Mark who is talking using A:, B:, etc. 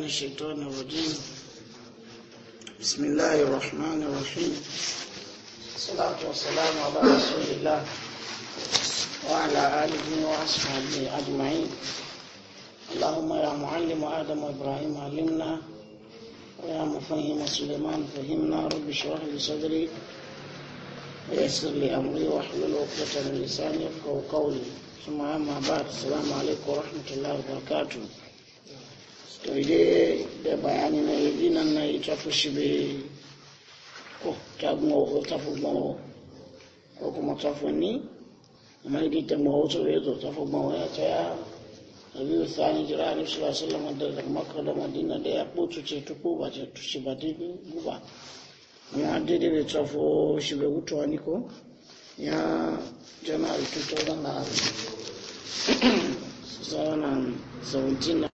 A: من الشيطان الرجيم بسم الله الرحمن الرحيم الصلاة والسلام على رسول الله وعلى آله وأصحابه أجمعين اللهم يا معلم آدم وإبراهيم علمنا ويا مفهم سليمان فهمنا رب اشرح لي صدري ويسر لي أمري واحلل عقدة من لساني يفقهوا قولي ثم أما بعد السلام عليكم ورحمة الله وبركاته to ya bayani na yidina na itafushi bi be ko ta gumo ko ta fi gbawo ko kuma tafu ni amma idi ta gbawo to ya zo ta fi ya ta ya nabi usani jira ni sallallahu alaihi wasallam da makka da madina da ya kutu ce tuku ba ce tushi ba dai guba ya daidai bai tsafo shi bai gutuwa ni ko ya janar 2000 sana 17